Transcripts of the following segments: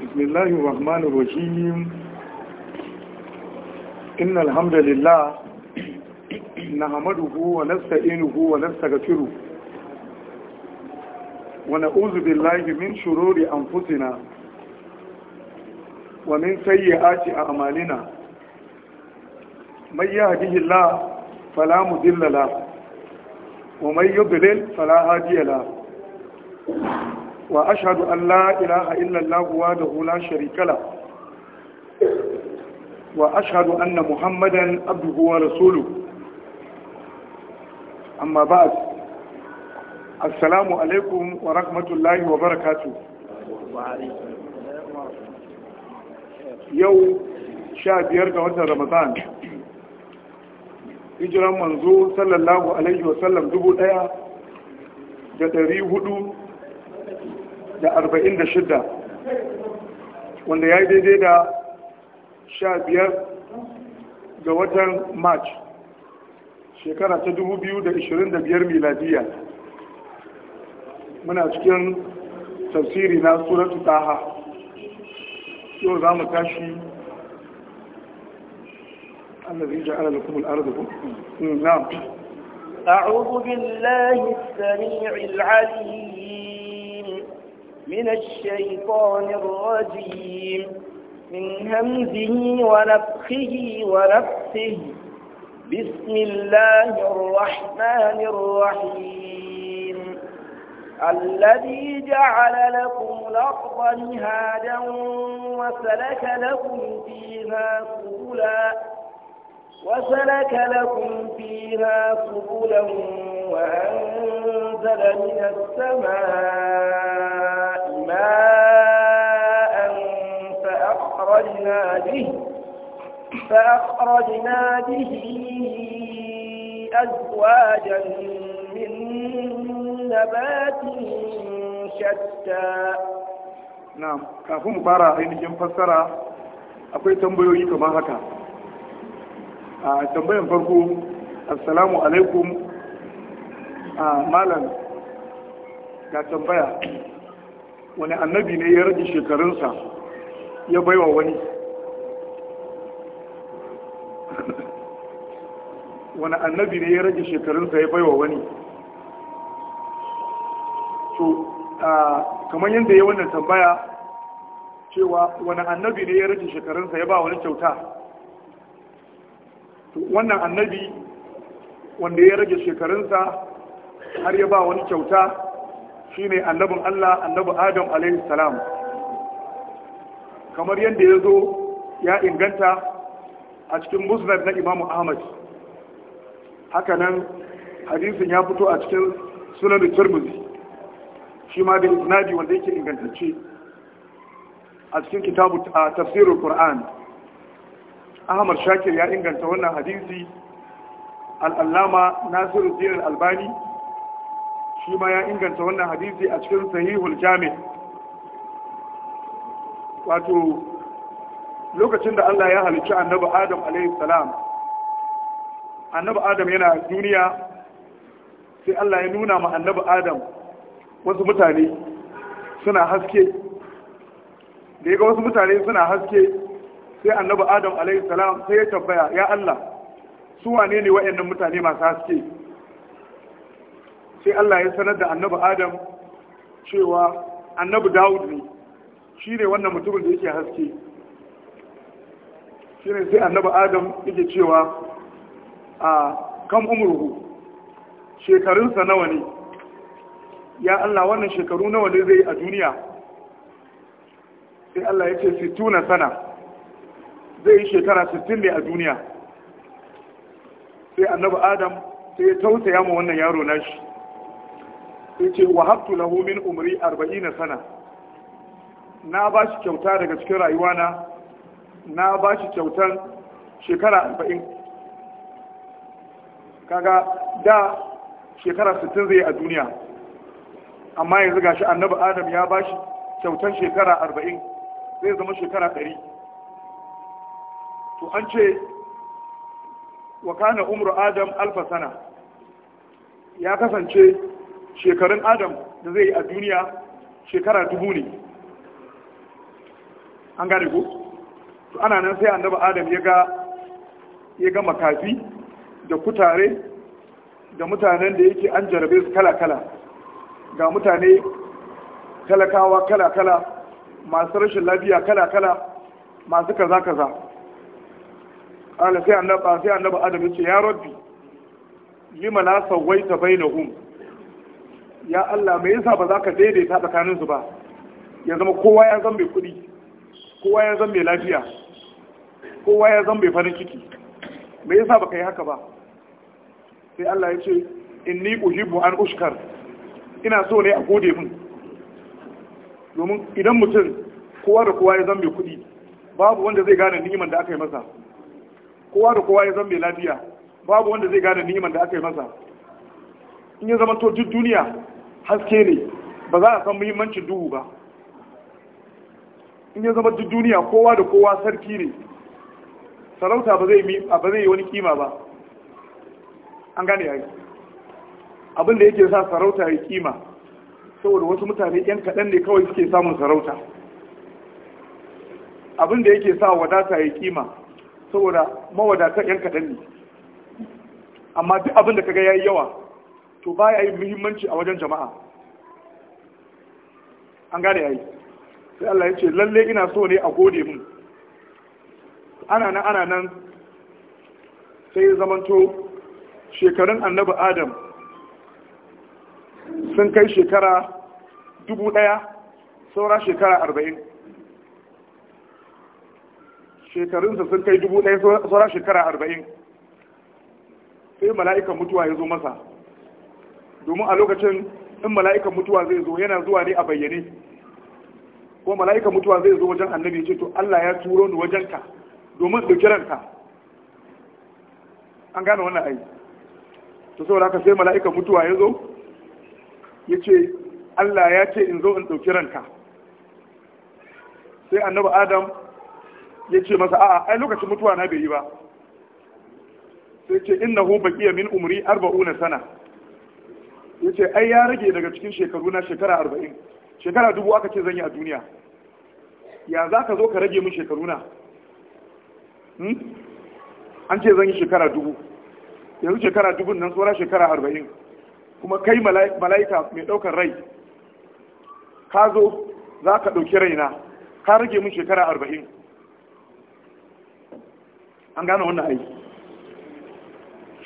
بسم الله الرحمن الرحيم إن الحمد لله نحمده ونستعينه ونستغفره ونعوذ بالله من شرور أنفسنا ومن سيئات أعمالنا من يهده الله فلا مذل له ومن يضلل فلا هادي له وأشهد أن لا إله إلا الله وحده لا شريك له وأشهد أن محمدا عبده ورسوله أما بعد السلام عليكم ورحمة الله وبركاته يوم شاب يرجع وجه رمضان hijiran manzo sallallahu alaihi wasallam dubu daya da dari hudu da arba'in da shida wanda ya yi daidai da sha biyar ga watan march shekara ta dubu biyu da ishirin da biyar miladiya muna cikin tafsiri na suratu taha yau za mu tashi الذي جعل لكم الأرض نعم أعوذ بالله السميع العليم من الشيطان الرجيم من همزه ونفخه ونفسه بسم الله الرحمن الرحيم الذي جعل لكم الأرض نهادا وسلك لكم فيها سبلا وسلك لكم فيها سبلا وأنزل من السماء ماء فأخرجنا به فأخرجنا به أزواجا من نبات شتى نعم kafin fara ainihin fassara أقول tambayoyi kamar هكذا a tambayan farko assalamu alaikum a malam ga tambaya wani annabi ne ya rage shekarunsa ya baiwa wani wani annabi ne ya rage shekarunsa ya baiwa wani to kamar yadda ya wannan tambaya cewa wani annabi ne ya rage shekarunsa ya ba wani kyauta wannan annabi wanda ya rage shekarunsa har ya ba wani kyauta shine annabin Allah annabi Adam a.s. kamar yadda ya zo ya inganta a cikin musnad na imamu Ahmad hakanan hadisin ya fito a cikin sunan turmuzi shi ma da isnadi wanda yake ingantacce a cikin kitabu a tafsirin Qur'an ahmad shakir ya inganta wannan hadisi al'allama nasiru dinar albani shi ma ya inganta wannan hadisi a cikin sahihul jami wato lokacin da allah ya halicci annabi adam alaihissalam annabi adam yana duniya sai allah ya nuna ma annabi adam wasu mutane suna haske da ya ga wasu mutane suna haske sai annabi adam alaihi salam sai ya tambaya ya Allah su wane ne wayannan mutane masu haske sai Allah ya sanar da annabi adam cewa annabi Dawud ne shine wannan mutumin da yake haske shine sai annabi adam yake cewa a kan umruhu shekarunsa nawa ne ya Allah wannan shekaru nawa ne zai a duniya sai Allah ya ce situna sana zai yi shekara 60 ne a duniya sai annabi adam sai ya tausaya ma wannan yaro nashi sai ce wa habtu lahu min umri 40 sana na ba shi kyauta daga cikin rayuwa na na ba shi kyautan shekara 40 kaga da shekara 60 zai a duniya amma yanzu gashi annabi adam ya ba shi kyautan shekara 40 zai zama shekara 100 to an ce wa kana umru adam alfa sana ya kasance shekarun adam da zai yi a duniya shekara dubu ne an gane ku. to ana nan sai annabi adam ya ga ya ga makafi da kutare da mutanen da yake an jarabe su kala-kala ga mutane talakawa kala-kala masu rashin lafiya kala-kala masu kaza-kaza qala sai annaba sai annaba adam yace ya rabbi lima la sawaita bainahum ya Allah me yasa ba ka daidaita tsakanin su ba ya zama kowa ya zama mai kowa ya zama lafiya kowa ya zama farin ciki me yasa baka yi haka ba sai Allah ya ce inni uhibbu an ushkar ina so ne a gode min domin idan mutum kowa da kowa ya zama mai babu wanda zai gane ni'iman da aka yi masa kowa da kowa ya zama mai lafiya babu wanda zai gane niman da aka yi masa in ya zama to duk duniya haske ne ba za a san muhimmancin duhu ba in ya zama duk duniya kowa da kowa sarki ne sarauta ba zai yi wani kima ba an gane yi abin da yake sa sarauta ya kima saboda wasu mutane yan kaɗan ne kawai suke samun sarauta abin da yake sa wadata ya kima saboda mawadatan yan kaɗan ne amma duk abin da kaga yi yawa to ba ya yi muhimmanci a wajen jama'a an gane ya yi. sai Allah ya ce lalle ina so ne a gode mun ana nan ana nan sai zamanto shekarun annabi adam sun kai shekara dubu ɗaya saura shekara arba'in shekarunsa sun kai dubu ɗaya sauran shekara arba'in sai mala'ikan mutuwa ya zo masa domin a lokacin in mala'ikan mutuwa zai zo yana zuwa ne a bayyane kuma mala'ikan mutuwa zai zo wajen annabi ya ce to Allah ya turo ni wajenka domin ɗauki ranka an gane wannan ai to saboda haka sai mala'ikan mutuwa ya zo ya ce Allah ya ce in zo in ɗauki ranka sai annabi Adam ya ce masa a'a ai lokacin mutuwa na bai yi ba sai ce hu baqiya min umri 40 sana yace ai ya rage daga cikin shekaru na shekara 40 shekara dubu aka ce zan yi a duniya ya za ka zo ka rage min shekaru na hmm? an ce zan yi shekara dubu yanzu shekara dubun nan tsora shekara 40 kuma kai mala'ika mai daukar rai ka zo za ka ɗauki raina ka rage min shekara arba'in an gane wannan aiki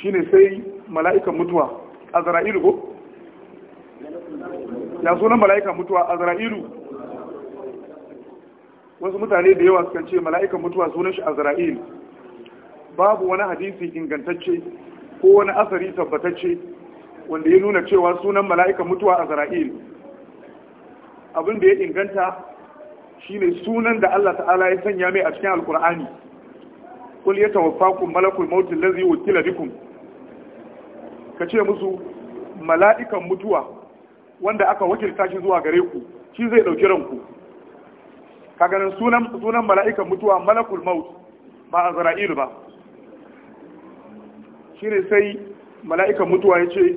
Shi ne sai mala'ikan mutuwa zara’iru ko ya sunan mala'ikan mutuwa a zara’iru wasu mutane da yawa sukan ce mala'ikan mutuwa sunan shi zara’iru babu wani hadisi ingantacce ko wani asari tabbatacce wanda ya nuna cewa sunan mala'ikan mutuwa azra'il abin da ya inganta shi ne sunan da Allah ta'ala ya sanya mai a cikin alkur'ani kul ya tawaffakum malakul maut allazi wukila bikum kace musu mala'ikan mutuwa wanda aka wakilta shi zuwa gare ku shi zai dauki ranku kaga nan sunan sunan mala'ikan mutuwa malakul maut ba azra'il ba shine sai mala'ikan mutuwa ya yace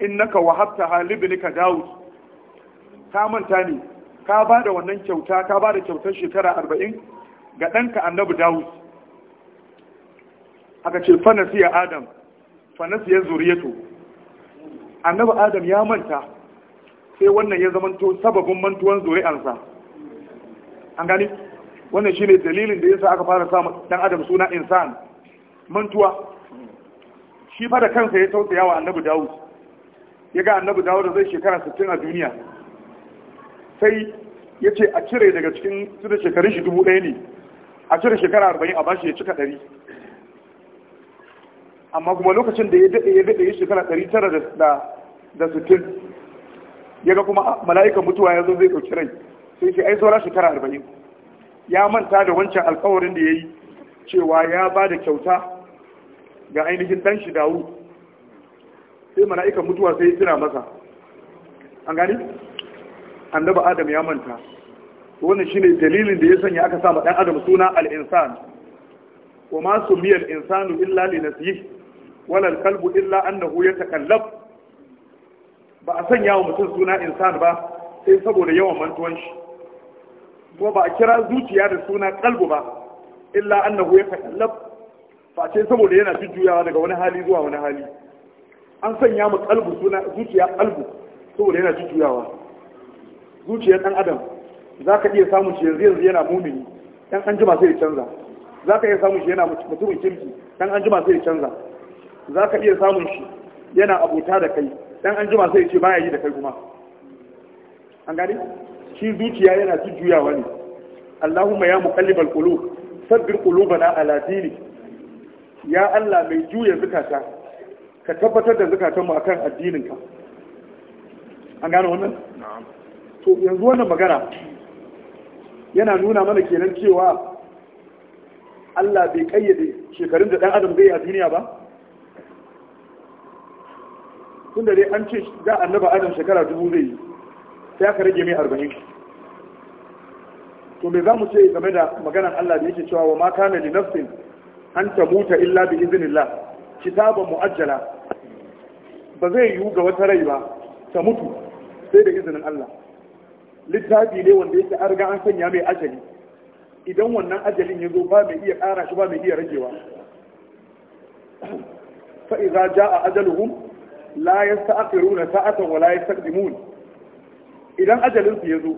innaka wahabta halibnika daud ka manta ne ka ba da wannan kyauta ka ba da kyautar shekara arba'in ga ɗanka annabi dawud aka ce fanasiya adam fanasiya zuriyatu annabi adam ya manta sai wannan ya zamanto sababin mantuwan zuri'ansa an gani wannan shine dalilin da yasa aka fara samun dan adam suna insan mantuwa shi fa da kansa ya tausaya wa annabi dawud ya ga annabi dawud zai shekara 60 a duniya sai ya ce a cire daga cikin su da shekarun shi dubu ɗaya ne a cire shekara arba'in a bashi ya cika ɗari amma kuma lokacin da ya daɗe ya daɗe ya shekara ɗari tara da sittin ya ga kuma mala'ikan mutuwa ya zo zai ɗauki rai sai sai ai saura shekara arba'in ya manta da wancan alkawarin da ya yi cewa ya ba da kyauta ga ainihin ɗan shi dawo sai mala'ikan mutuwa sai tuna masa an gani annaba adam ya manta wannan shine dalilin da ya sanya aka sa ma ɗan adam suna al-insan wa ma sumiya al-insanu illa li wala kalbu illa annahu yatakallab ba a sanya wa mutum suna insan ba sai saboda yawan mantuwan shi kuma ba a kira zuciya da suna kalbu ba illa annahu yatakallab ba ce saboda yana jujjuyawa daga wani hali zuwa wani hali an sanya mu kalbu suna zuciya kalbu saboda yana jujjuyawa zuciyar dan adam za ka iya samun shi yanzu yanzu yana mumini dan an jima sai ya canza za ka iya samun shi yana mutumin kirki dan an jima sai ya canza za ka iya samun shi yana abota da kai dan an jima sai ce baya yi da kai kuma an gani shi zuciya yana ci juyawa ne Allahumma ya muqallibal qulub sabbir qulubana ala al'adini. ya Allah mai juya zukata ka tabbatar da zukatanmu akan addininka an gane wannan to yanzu wannan magana yana nuna mana kenan cewa Allah bai kayyade shekarun da ɗan adam zai a duniya ba tun da dai an ce za a annaba adam shekara dubu zai yi sai aka rage mai arba'in to me za mu ce game da maganar Allah da yake cewa wa ma kana li nafsin an ta-muta illa bi iznillah kitaban muajjala ba zai yiwu ga wata rai ba ta mutu sai da izinin Allah littafi ne wanda yake an riga an sanya mai ajali idan wannan ajalin ya zo ba mai iya kara shi ba mai iya ragewa fa idza jaa ajaluhum la yasta'khiruna sa'atan wa la yastaqdimun idan ajalin su yazo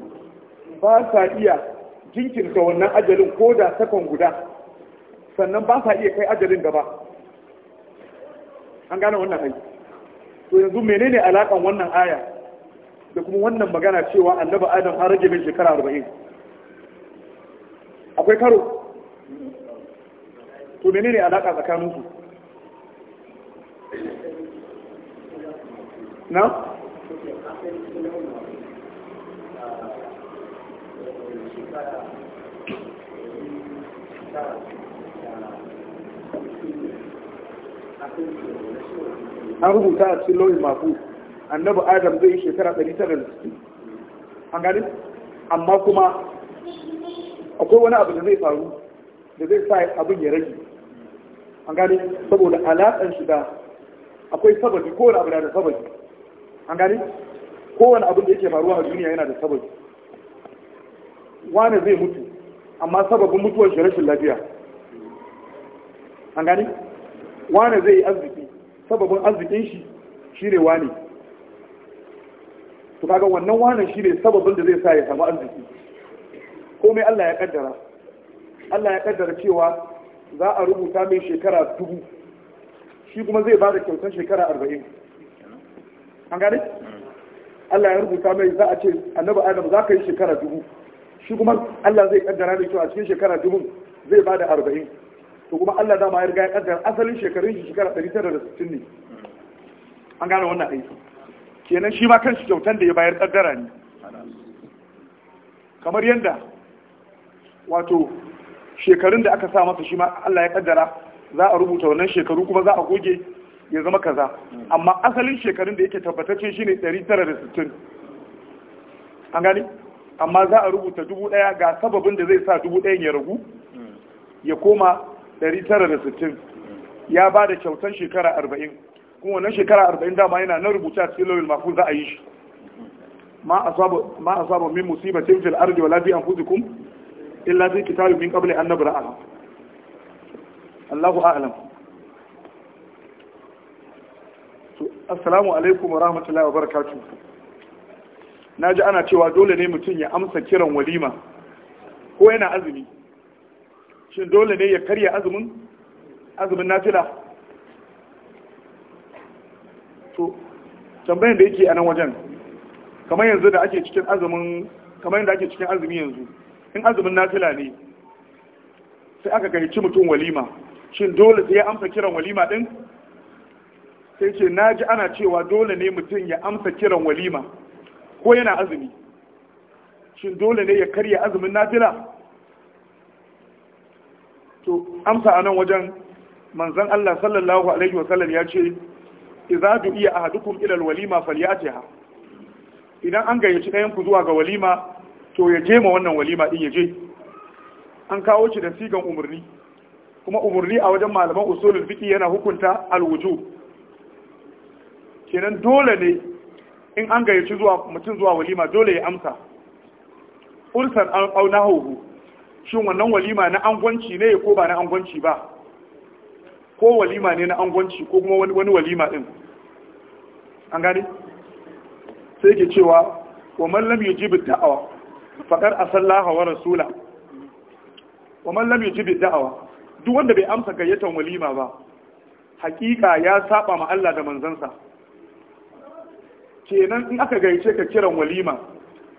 ba sa iya jinkirta wannan ajalin ko da sakon guda sannan ba sa iya kai ajalin gaba an gane wannan kai to yanzu menene alakan wannan aya da kuma wannan magana cewa annabi adam har rage min shekara 40 akwai karo to menene alaka tsakanin su na? an rubuta a cikin lauyin mafu annabi adam zai yi shekara 960 an gani amma kuma akwai wani abu da zai faru da zai sa abin ya rage an gani saboda alaƙar shi da akwai sababi ko abu da sababi an gani kowane abin da yake faruwa a duniya yana da sababi Wane zai mutu amma sababin mutuwar shi rashin lafiya an gani wane zai yi arziki sababin arzikin shi shi ne wani to kaga wannan wani shi ne sababin da zai sa ya samu arziki komai Allah ya kaddara Allah ya kaddara cewa za a rubuta mai shekara dubu shi kuma zai ba da kyautar shekara arba'in an gane Allah ya rubuta mai za a ce annabi Adam za ka yi shekara dubu shi kuma Allah zai kaddara da cewa a cikin shekara dubu zai ba da arba'in to kuma Allah dama ya riga ya kaddara asalin shekarun shi shekara ɗari tara da sittin ne an gane wannan aiki kenan shi ma kansu kyautan da ya bayar kaddara ne kamar yadda wato shekarun da aka sa masa shi ma Allah ya kaddara za a rubuta wannan shekaru kuma za a goge ya zama kaza amma asalin shekarun da yake tabbatacce shine 960 an gani amma za a rubuta dubu daya ga sababin da zai sa dubu dayan ya ragu ya koma 960 ya ba da kyautar shekara 40 kuma wannan shekara 40 dama yana na rubuta cikin lauyin mafi za a yi shi ma sabon min musibatin fil ardi wala bi anfusikum illa zai kitabin min qabli an nabra'a Allahu a'lam assalamu alaikum wa rahmatullahi wa barakatun na ji ana cewa dole ne mutum ya amsa kiran walima ko yana azumi shin dole ne ya karya azumin azumin nafila to tambayin da yake a nan wajen kamar yanzu da ake cikin azumin kamar yadda ake cikin azumi yanzu in azumin nafila ne sai aka gayyaci mutum walima shin dole sai ya amsa kiran walima din sai ce na ji ana cewa dole ne mutum ya amsa kiran walima ko yana azumi shin dole ne ya karya azumin nafila to amsa anan wajen Manzon Allah sallallahu alaihi wasallam ya ce idza du'iya ahadukum ila alwalima falyatiha idan an gayyaci ɗayan ku zuwa ga walima to ya je ma wannan walima din ya je an kawo shi da sigan umarni, kuma umarni a wajen malaman usulul fiqh yana hukunta alwujub kenan dole ne in an gayyaci zuwa mutum zuwa walima dole ya amsa ursan an auna hohu shin wannan walima na angwanci ne ko ba na angwanci ba ko walima ne na angwanci ko kuma wani walima din an gane sai ke cewa wa mallam ya ji da'awa faƙar a sallaha wa rasula wa mallam ya ji da'awa duk wanda bai amsa gayyatan walima ba hakika ya saba ma Allah da manzansa kenan in aka gaice ka kiran walima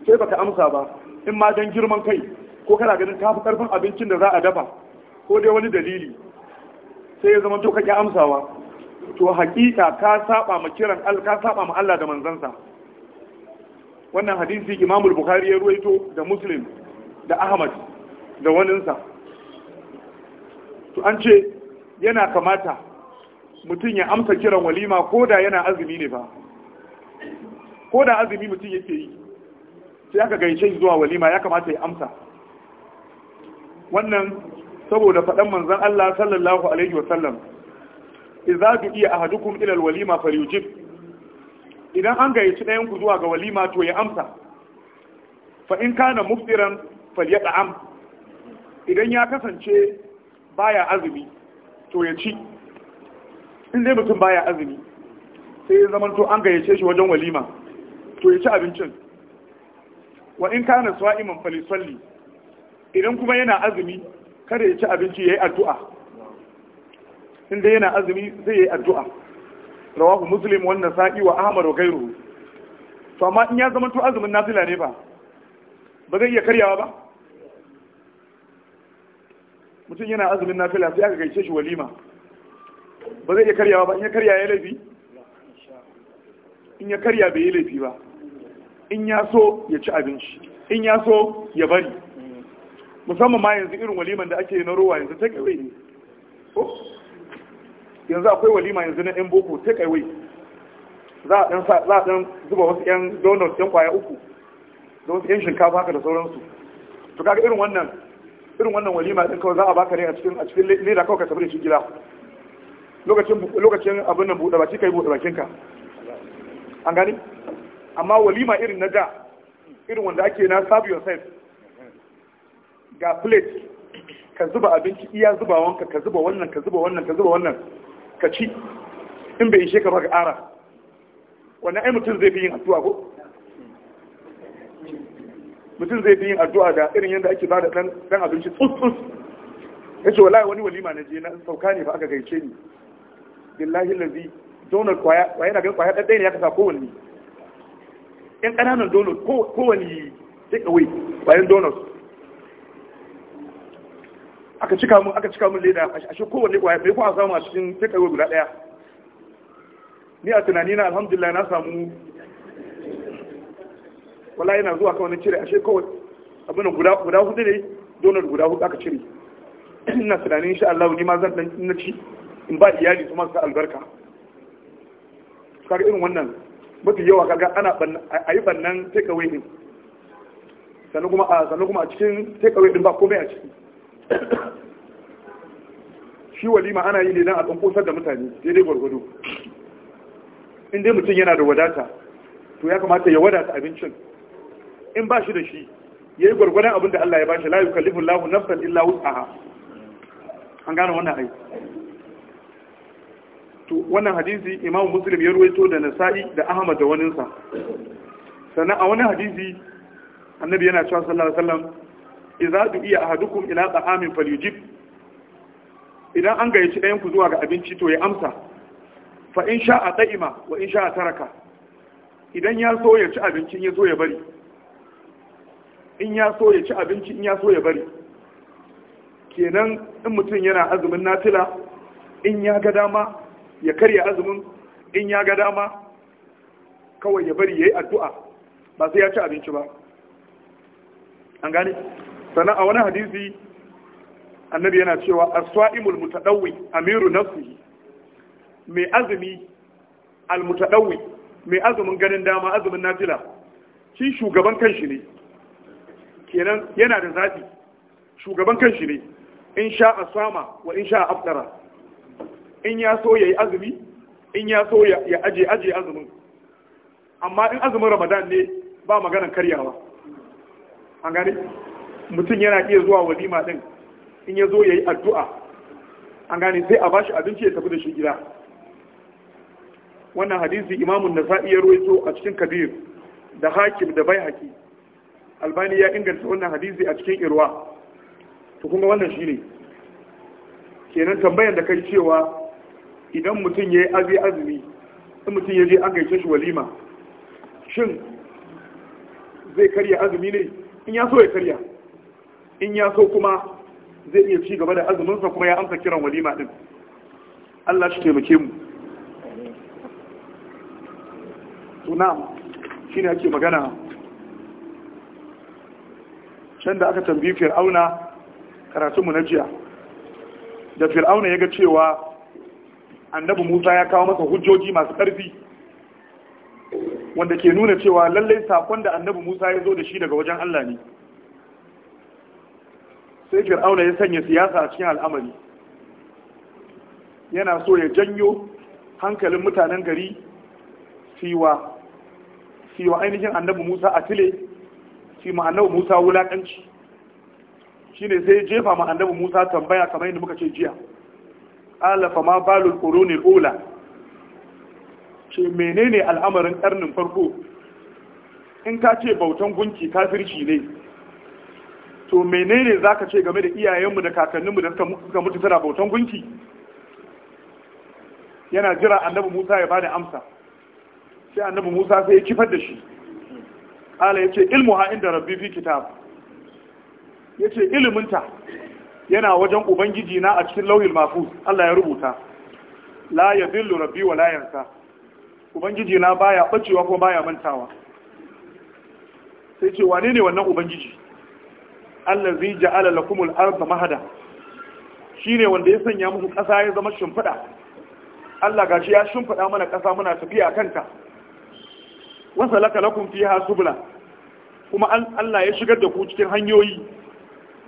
sai baka amsa ba in ma dan girman kai ko kana ganin ka fi karfin abincin da za a dafa ko dai wani dalili sai ya zama to kake amsawa to hakika ka saba ma kiran Allah ka saba ma Allah da manzansa wannan hadisi Imam Bukhari ya ruwaito da Muslim da Ahmad da waninsa to an ce yana kamata mutum ya amsa kiran walima ko da yana azumi ne ba ko da azumi mutum yake yi sai aka gaishe zuwa walima ya kamata ya amsa wannan saboda faɗan manzon Allah sallallahu alaihi wa sallam idza du'iya ahadukum ila alwalima falyujib idan an gaishe ɗayan ku zuwa ga walima to ya amsa fa in kana muftiran falyat'am idan ya kasance baya azumi to ya ci in dai mutum baya azumi sai ya zamanto an gayyace shi wajen walima to ya ci abincin wa in kana sa'iman falisalli idan kuma yana azumi kada ya ci abinci yayi addu'a inda yana azumi zai yi addu'a rawahu muslim wa nasa'i wa ahmad wa to amma in ya zama to azumin nafila ne ba ba zai iya karyawa ba mutum yana azumin nafila sai aka gaishe shi walima ba zai iya karyawa ba in ya karya ya laifi in ya karya bai yi laifi ba in ya so ya ci abinci in ya so ya bari musamman ma yanzu irin waliman da ake na rowa yanzu ta wai ne yanzu akwai walima yanzu na yan boko ta wai. za a dan zuba wasu yan donuts yan kwaya uku da wasu yan shinkafa haka da sauransu to kaga irin wannan irin wannan walima din kawai za a baka ne a cikin a cikin leda kawai ka tafi da shi gida lokacin lokacin abin nan buɗe baki kai buɗe bakinka an gani amma walima irin na da irin wanda ake na sabu yourself ga plate ka zuba abinci iya zubawanka ka zuba wannan ka zuba wannan ka zuba wannan ka ci in bai ishe ka ba ara wannan ai mutum zai fi yin addu'a ko mutum zai fi yin addu'a da irin yadda ake ba da dan abinci tsus ya ce wallahi wani walima na je na sauka ne ba aka gaice ni billahi lazi donald kwaya na ganin kwaya dai ne ya kasa kowanne yan ƙananan donald kowanne take away kwayan donald aka cika mu aka cika mu leda a shi kowanne kwaya bai ko a samu a cikin take away guda ɗaya ni a tunani na alhamdulillah na samu wala yana zuwa kawai na cire ashe kawai abin guda guda hudu ne donald guda hudu aka cire ina tunanin insha Allah ni ma zan dan ci in ba iyali kuma su albarka kaga irin wannan mafi yawa kaga ana a yi bannan takeaway din sannan kuma a sannan kuma a cikin takeaway din ba komai a ciki shi walima ana yi ne dan a tsanko da mutane daidai gwargwado in dai mutum yana da wadata to ya kamata ya wadata abincin in ba shi da shi ya yi gwargwadon abin da Allah ya ba shi la yukallifu Allahu nafsan illa wus'aha an gane wannan aiki to wannan hadisi imam muslim ya ruwaito da nasa'i da ahmad da waninsa sannan a wani hadisi annabi yana cewa sallallahu alaihi wasallam idza iya ahadukum ila ta'amin falyujib idan an gayyaci ɗayan ku zuwa ga abinci to ya amsa fa in sha'a ta'ima wa in sha'a taraka idan ya so ya ci abincin ya so ya bari in ya so ya ci abinci in ya so ya bari kenan in mutum yana azumin nafila in ya ga dama ya karya azumin in ya ga dama kawai ya bari ya yi addu'a ba sai ya ci abinci ba an gani sannan a wani hadisi annabi yana cewa aswa'imul mutadawwi amiru nafi mai azumi al mai azumin ganin dama azumin nafila shi shugaban kanshi ne kenan yana da zafi shugaban kanshi ne in sha a sama wa in sha a aftara in ya so ya yi azumi in ya so ya aje aje azumin amma in azumin ramadan ne ba maganar karyawa an gane mutum yana iya zuwa walima din in ya zo ya yi addu'a an gane sai a bashi abinci ya tafi da shi gida wannan hadisi imamun na ya roito a cikin kabir da hakim da bai haki albani ya inganta wannan hadisi a cikin irwa to kuma wannan shine kenan tambayar da kai cewa idan mutum ya yi azi azumi in mutum ya je an gaishe shi walima shin zai karya azumi ne in ya so ya karya in ya so kuma zai iya ci gaba da azuminsa kuma ya amsa kiran walima din Allah shi taimake mu suna shi ne ake magana can da aka tambayi fir'auna karatunmu na jiya da fir'auna ya ga cewa annabi Musa ya kawo masa hujjoji masu ƙarfi wanda ke nuna cewa lallai sakon da annabi Musa ya zo da shi daga wajen Allah ne sai Fir'auna ya sanya siyasa a cikin al'amari yana so ya janyo hankalin mutanen gari siwa siwa ainihin annabi Musa a tile si ma annabi Musa wulakanci shine sai jefa ma annabi Musa tambaya kamar yadda muka ce jiya qala fa ma balul quruni ula ce menene al'amarin karnin farko in ka ce bautan gunki kafirci ne to menene zaka ce game da iyayenmu da kakanninmu da suka mutu suna bautan gunki yana jira annabi Musa ya bada amsa sai annabi Musa sai ya kifar da shi ala yace ilmuha inda rabbi fi kitab yace iliminta yana wajen ubangiji na a cikin lauhil mafus Allah ya rubuta la ya yadhillu rabbi wa ubangiji na baya bacewa ko baya mantawa sai ce wane ne wannan ubangiji allazi ja'ala lakumul ardha mahada shine wanda ya sanya muku kasa ya zama shimfiɗa Allah gashi ya shimfida mana kasa muna tafiya kanta wasa laka lakum fiha subula kuma Allah ya shigar da ku cikin hanyoyi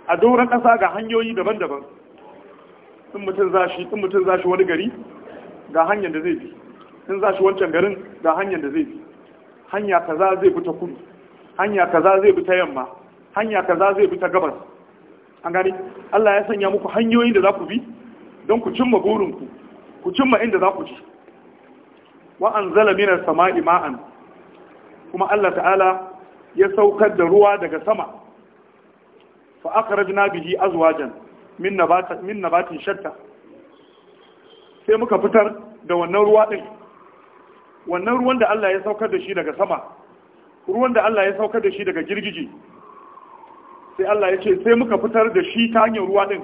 a doron ƙasa ga hanyoyi daban-daban in mutum za shi in mutum za shi wani gari ga hanyar da zai bi in za shi wancan garin ga hanyar da zai bi hanya kaza zai bi ta kudu hanya kaza zai bi ta yamma hanya kaza zai bi ta gabas an gani Allah ya sanya muku hanyoyin da za ku bi don ku cimma burinku ku cimma inda za ku ci wa anzala minar sama'i ma'an kuma Allah ta'ala ya saukar da ruwa daga sama fa akhrajna bihi azwajan min nabat min nabatin shatta sai muka fitar da wannan ruwa din wannan ruwan da Allah ya saukar da shi daga sama ruwan da Allah ya saukar da shi daga girgije sai Allah ya ce sai muka fitar da shi ta hanyar ruwa din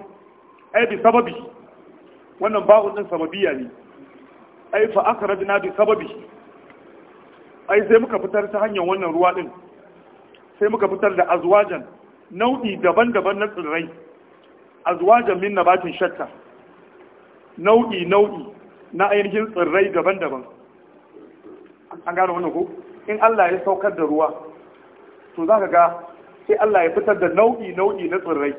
ai bi sababi wannan ba'un din sababiya ne ai fa akhrajna bi sababi ai sai muka fitar ta hanyar wannan ruwa din sai muka fitar da azwajan nau'i daban-daban na tsirrai A azwajan na batin shatta nau'i nau'i na ainihin tsirrai daban-daban an gano wannan ko in Allah ya saukar da ruwa to za ka ga sai Allah ya fitar da nau'i nau'i na tsirrai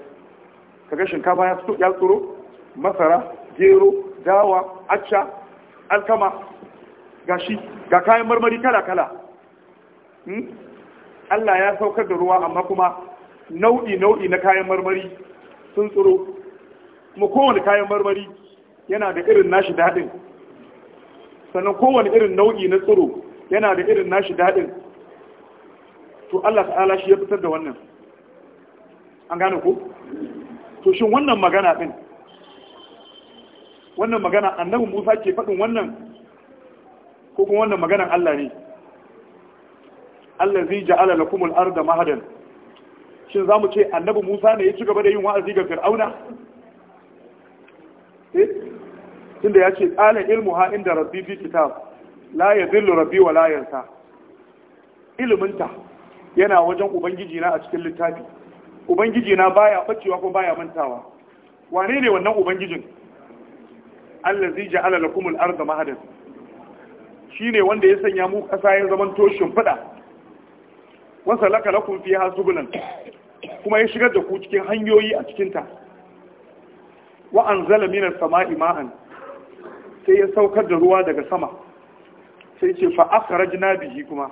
Ka ga shinkafa ya fito ya tsiro masara gero dawa acca alkama gashi ga kayan marmari kala kala hmm? Allah ya saukar da ruwa amma kuma nau'i nau'i na kayan marmari sun tsiro kuma kowane kayan marmari yana da irin nashi daɗin sannan kowane irin nau'i na tsiro yana da irin nashi daɗin to Allah ta'ala shi ya fitar da wannan an gane ku. to shin wannan magana ɗin wannan magana annabin Musa ke faɗin wannan ko kuma wannan maganan Allah ne Allah zai ja'ala lakumul arda mahadan shin za mu ce annabi musa ne ya ci gaba da yin wa'azi ga fir'auna eh? tunda ya ce tsala ilmu ha da rabbi fi kitab la ya zillu rabbi wa la yansa iliminta yana wajen ubangiji na a cikin littafi ubangiji na baya bacewa ko baya mantawa wane ne wannan ubangijin allazi ja'ala lakum al-ardha mahadan shine wanda ya sanya mu kasa ya zaman toshin fada wasa laka lakum fiha subulan kuma ya shigar da ku cikin hanyoyi a cikinta wa an zala minar sama'i ma'an sai ya saukar da ruwa daga sama sai ce fa akhraj bihi kuma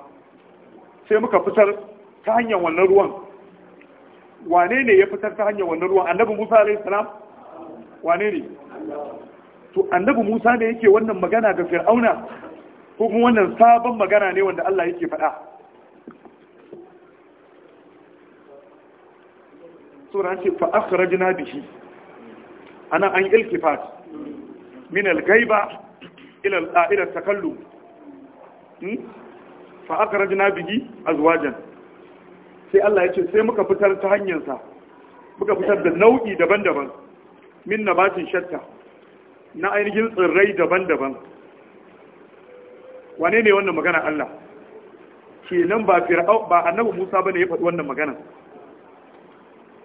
sai muka fitar ta hanyar wannan ruwan wane ne ya fitar ta hanyar wannan ruwan annabi Musa alaihi salam wane ne to annabi Musa ne yake wannan magana ga Fir'auna ko kuma wannan sabon magana ne wanda Allah yake faɗa sura an ce fa akhrajna bihi ana an iltifat min al-ghaiba ila al-a'ira takallum hmm? fa akhrajna bihi azwajan sai Allah ya ce sai muka fitar ta hanyar sa muka fitar da nau'i daban-daban min nabatin shatta na ainihin tsirrai daban-daban wane ne wannan magana Allah kenan ba fir'au ba annabi Musa bane ya faɗi wannan magana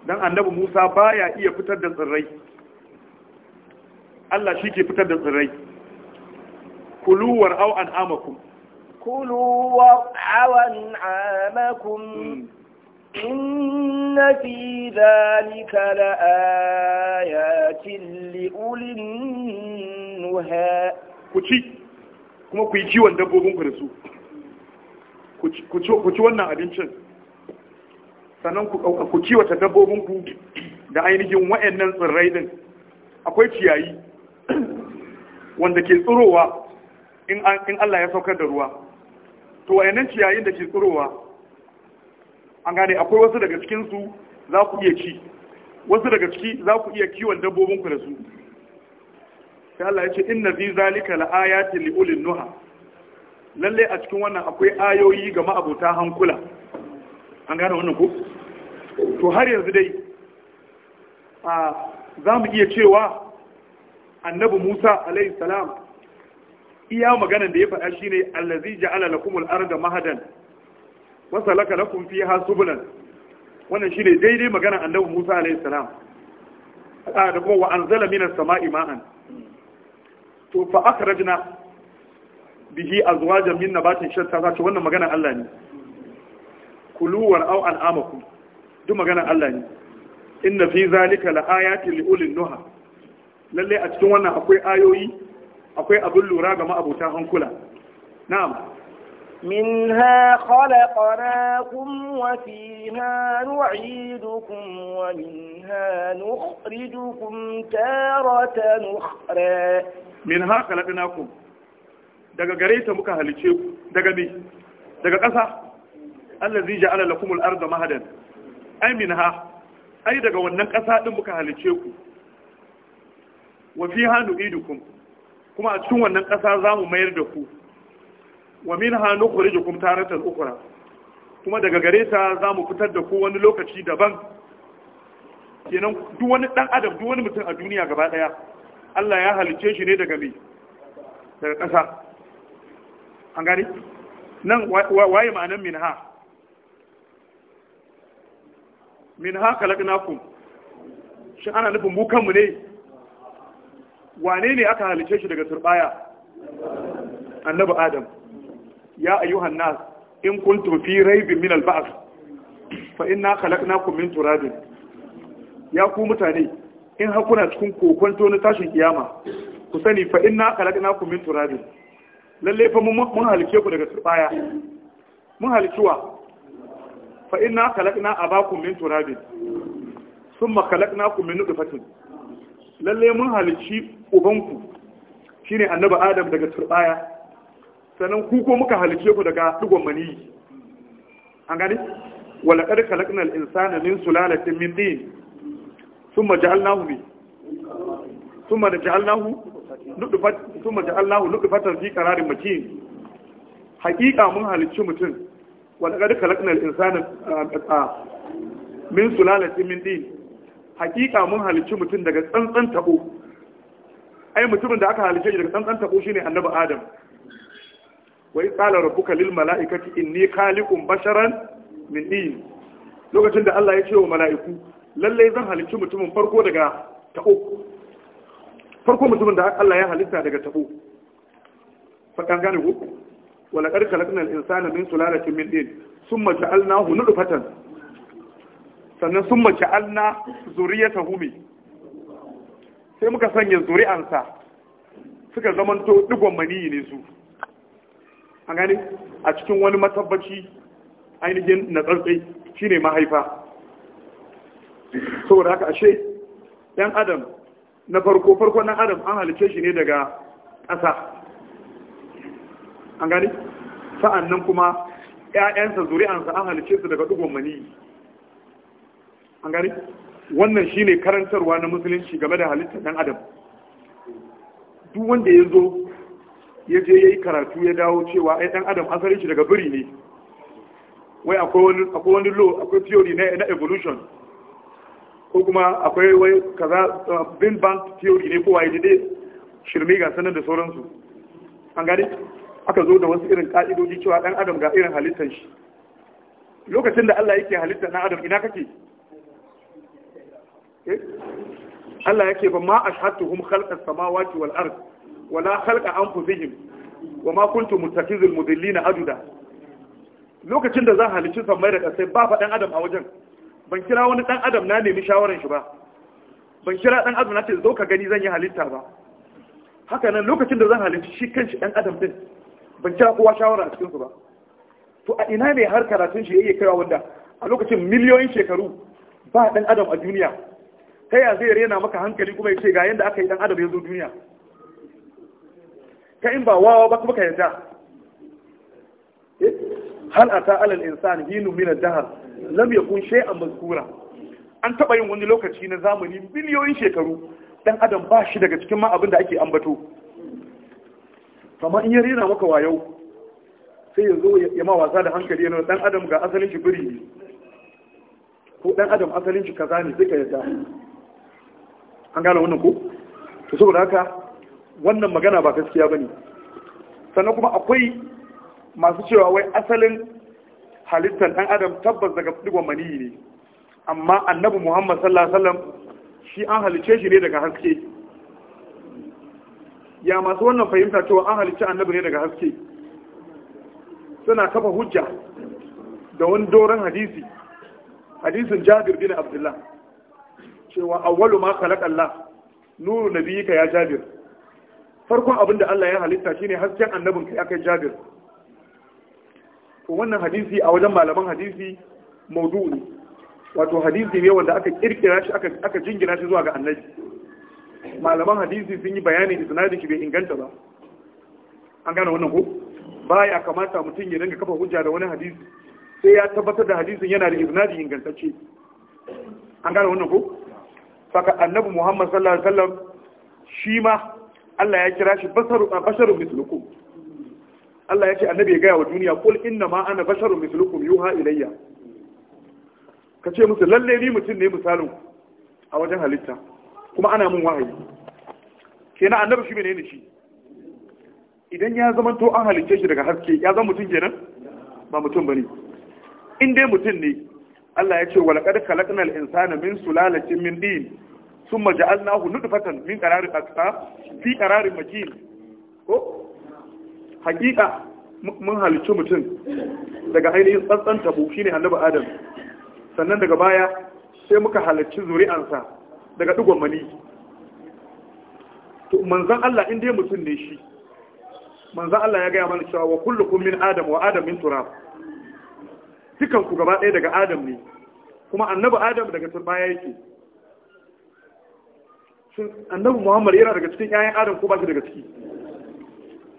don annabi musa baya iya fitar da tsirrai Allah shi ke fitar da tsirrai kuluwar au an amakum kuluwar awan amakum hmm. inna fi zalika la ayatin li ulin nuha ku ci kuma ku yi ciwon dabbobin ku da su ku ci wannan abincin sannan ku kiwata dabbobinku da ainihin wa'annan tsirrai din akwai ciyayi wanda ke tsirowa in Allah ya saukar da ruwa to wa'annan ciyayin da ke tsirowa an gane akwai wasu daga cikinsu za ku iya ci wasu daga ciki za ku iya kiwon dabbobinku da su sai Allah ya ce inna fi zalika la'ayati li ulil nuha lalle a cikin wannan akwai ayoyi ga ma'abota hankula an gane wannan ko to har yanzu dai a za mu iya cewa annabi musa alayhi salam iya maganan da ya faɗa shi shine allazi ja'ala lakumul arda mahadan wa salaka lakum fiha subulan wannan shi ne daidai maganan annabi musa alayhi salam da kuma wa anzala minas sama'i ma'an to fa akhrajna bihi azwajan min nabatin shatta ta wannan maganan Allah ne kuluwar au an'amakum duk maganar Allah ne inna fi zalika la ayatin li ulil nuha lalle a cikin wannan akwai ayoyi akwai abin lura ga ma'abuta hankula na'am wa fiha nu'idukum wa minha nukhrijukum taratan ukhra minha khalaqnakum daga gare ta muka halice ku daga me daga ƙasa allazi ja'ala lakumul arda mahadan ai minha ai daga wannan ƙasa din muka halice ku wa fiha nu'idukum kuma a cikin wannan ƙasa zamu mayar da ku wa minha nukhrijukum taratan ukhra kuma daga gare ta zamu fitar da ku wani lokaci daban kenan duk wani dan adam duk wani mutum a duniya gaba daya Allah ya halice shi ne daga me daga ƙasa an gani nan waye ma'anan minha min haka lagnakum shi ana nufin mu kanmu ne wane ne aka halice shi daga turbaya annabi adam ya ayyuhan nas in kuntum fi raibin min alba'th fa inna khalaqnakum min turabin ya ku mutane in hakuna cikin kokonto na tashin kiyama ku sani fa inna khalaqnakum min turabin lalle fa mun halice ku daga turbaya mun halkiwa fa inna khalaqna abakum min turabin thumma khalaqnakum min nutfatin lalle mun halici ubanku shine annabi adam daga turbaya sannan ku ko muka halice ku daga dugon mani? an gani wala qad khalaqna al-insana min sulalatin min din thumma ja'alnahu bi thumma ja'alnahu nutfatan thumma ja'alnahu nutfatan fi qararin makin haqiqa mun halici mutum waɗanda kalakunan insanin a ah, min sulalatin min din hakika mun halicci mutum daga tsantsan tabo ai mutumin da aka halicce daga tsantsan tabo shi ne annaba adam wai tsala rabuka lil mala'ikati ni khaliqun basharan min din lokacin da Allah ya ce wa mala'iku Lallai zan halicci mutumin farko daga tabo farko mutumin da Allah ya halitta daga tabo fa gane ku ولقد خلقنا insana من سلالة من دين ثم جعلناه نطفة sannan sun mace alna zuriyata sai muka sanya zuri'ansa suka zamanto digon maniyi ne su an gani a cikin wani matabbaci ainihin na tsarsai shine mahaifa saboda haka ashe 'yan adam na farko farko na adam an halice shi ne daga ƙasa an gani nan kuma ƴaƴansa zuri'ansa an halice su daga dugon mani an gani wannan shine karantarwa na musulunci game da halittar dan adam duk wanda ya zo ya je ya yi karatu ya dawo cewa ai dan adam asalin shi daga biri ne wai akwai wani lo akwai theory na na evolution ko kuma akwai wai kaza bin bank theory ne ko wai dai shirme ga sanar da sauransu an gane aka zo da wasu irin ƙa’idoji cewa ɗan adam ga irin halittar shi lokacin da Allah yake halittar na adam ina kake eh? Allah yake ba ma ashhatuhum khalqa samawati wal ard wala khalqa anfusihim ma kuntu muttakhizul na aduda lokacin da za halicci sammai da ƙasai ba fa dan adam a wajen ban kira wani dan adam na nemi shawaran shi ba ban kira dan adam na ce zo ka gani zan yi halitta ba haka nan lokacin da zan halicci shi kanshi dan adam din ban kira kowa shawara a cikinsu ba to a ina ne har karatun shi yake kaiwa wanda a lokacin miliyoyin shekaru ba dan adam a duniya ta ya zai rena maka hankali kuma ya ce ga yadda aka yi dan adam ya zo duniya ka in ba wawa ba kuma ka yarda hal ata alal insan hinu min Dahar, dahr lam yakun shay'an mazkura an taba yin wani lokaci na zamani miliyoyin shekaru dan adam ba shi daga cikin ma abin da ake ambato amma in ya rena maka yau sai ya zo ya ma wasa da hankali yana dan adam ga asalin shi biri ne ko dan adam asalin shi kaza ne duka yadda an gane wannan ko to saboda haka wannan magana ba gaskiya bane sannan kuma akwai masu cewa wai asalin halittar dan adam tabbas daga digon maniyi ne amma annabi Muhammad sallallahu alaihi wasallam shi an halice shi ne daga haske ya masu wannan fahimta cewa an halicci annabi ne daga haske suna kafa hujja da wani doron hadisi hadisin jabir bin abdullah cewa awwalu ma khalaqa Allah nuru nabiyika ya jabir farkon abin da Allah ya halitta shine hasken annabin kai kai jabir to wannan hadisi a wajen malaman hadisi maudu'i wato hadisi ne wanda aka kirkira shi aka jingina shi zuwa ga annabi malaman hadisi sun yi bayanin isnadin shi bai inganta ba an gane wannan ko baya kamata mutum ya dinga kafa hujja da wani hadisi sai ya tabbatar da hadisin yana da isnadi ingantacce an gane wannan ko saka annabi Muhammad sallallahu alaihi wasallam shi ma Allah ya kira shi basaru basharun mislukum Allah ya ce annabi ya gaya wa duniya kul inna ma ana basharun mislukum yuha ilayya ka ce musu lalle ni mutum ne misalin a wajen halitta kuma ana mun wahayi kenan annabi shi menene shi idan ya zama to an halicce shi daga haske ya zama mutum kenan ba mutum bane in dai mutum ne Allah ya ce wa laqad khalaqnal insana min sulalatin min din thumma ja'alnahu nutfatan min qararin aqsa fi qararin makin ko hakika mun halice mutum daga ainihin tsantsan tabo shine annabi adam sannan daga baya sai muka halacci zuri'ansa daga digon mani to manzan Allah inda ya mutum ne shi manzan Allah ya gaya mana cewa wa kullukum min adam wa adam min turab dukan ku gaba ɗaya daga adam ne kuma annabi adam daga turba yake shin annabi Muhammad yana daga cikin 'ya'yan adam ko ba shi daga ciki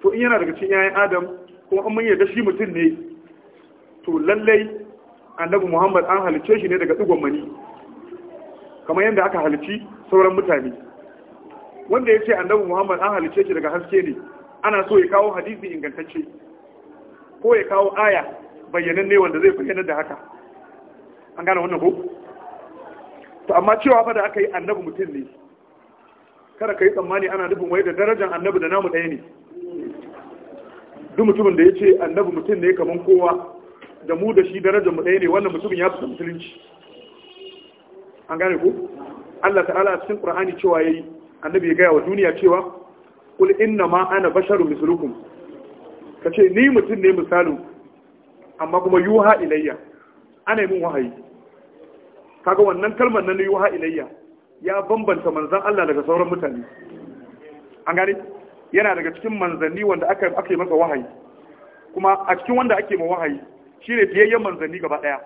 to in yana daga cikin 'ya'yan adam kuma an mun yarda shi mutum ne to lallai annabi Muhammad an halice shi ne daga digon mani kamar yadda aka halici sauran mutane wanda ya ce annabi muhammad an halice shi daga haske ne ana so ya kawo hadisi ingantacce ko ya kawo aya bayyanan ne wanda zai bayyana da haka an gane wannan ko to amma cewa fa da aka yi annabi mutum ne kada ka yi tsammani ana nufin wai da darajar annabi da namu ɗaya ne duk mutumin da ya ce annabi mutum ne kamar kowa da mu da shi darajar mu ɗaya ne wannan mutumin ya fi musulunci an gane ku Allah ta'ala a cikin Qur'ani cewa yayi annabi ya gaya wa duniya cewa kul inna ma ana basharun mislukum kace ni mutum ne misalin amma kuma yuha ilayya ana min wahayi kaga wannan kalmar nan yuha ilayya ya bambanta manzon Allah daga sauran mutane an gane yana daga cikin manzanni wanda aka aka masa wahayi kuma a cikin wanda ake ma wahayi shine biyayyen manzanni gaba daya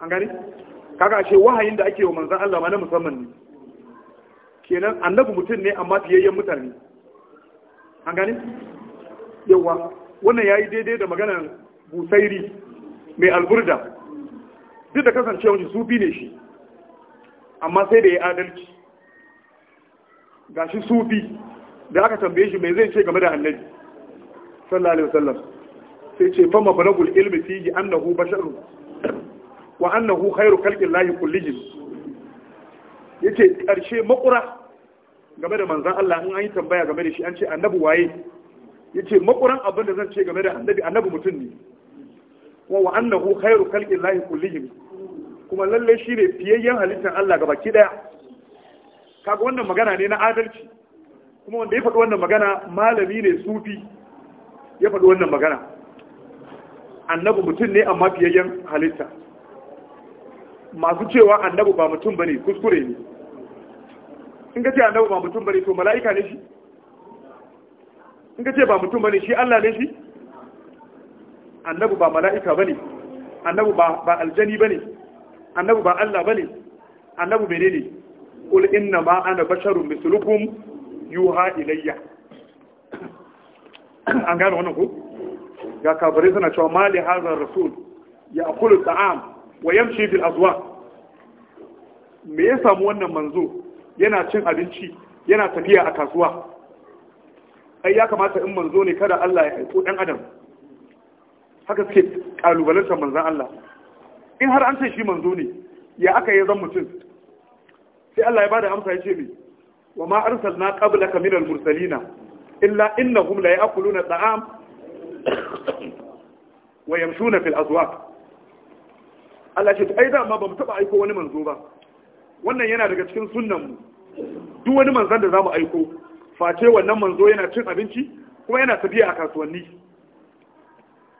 an gane kaga ashe wahayin da ake wa manzan Allah ma na musamman ne kenan annabi mutum ne amma fiyayyen mutane an gani yawa wannan ya yi daidai da maganar busairi mai alburda duk da kasancewa sufi ne shi amma sai da ya adalci gashi sufi da aka tambaye shi mai zai ce game da annabi sallallahu alaihi wasallam sai ce fa mabalagul ilmi fihi annahu basharun wa annahu khairu khalqi lahi kullihim yace karshe makura game da manzon Allah in an yi tambaya game da shi an ce annabi waye yace makuran abin da zan ce game da annabi annabi mutum ne wa wa annahu khairu khalqi lahi kullihim kuma lalle shi ne fiyayyen halittar Allah ga baki daya kaga wannan magana ne na adalci kuma wanda ya faɗi wannan magana malami ne sufi ya faɗi wannan magana annabi mutum ne amma fiyayyen halitta masu cewa annabu ba mutum bane kuskure ne in ka ce annabu ba mutum bane to mala'ika ne shi in ka ce ba mutum bane shi Allah ne shi annabu ba mala'ika bane annabu ba ba aljani bane annabu ba Allah bane bane menene qul inna ma ana basharun mislukum yuha ilayya an gano wannan ko ga kabare suna cewa mali hazar rasul ya akulu ta'am wa yamshi bil azwa me ya samu wannan manzo yana cin abinci yana tafiya a kasuwa ai ya kamata in manzo ne kada Allah ya aiko dan adam haka suke kalubalantar manzan Allah in har an ce shi manzo ne ya aka yi zan mutum sai Allah ya bada amsa ya ce mai wa ma arsalna qablaka minal mursalina illa innahum la ya'kuluna ta'am wa yamshuna fil aswaq Allah ce ai da ma ba mu taba aiko wani manzo ba wannan yana daga cikin sunnan mu duk wani manzon da zamu aiko face wannan manzo yana cin abinci kuma yana tafiya a kasuwanni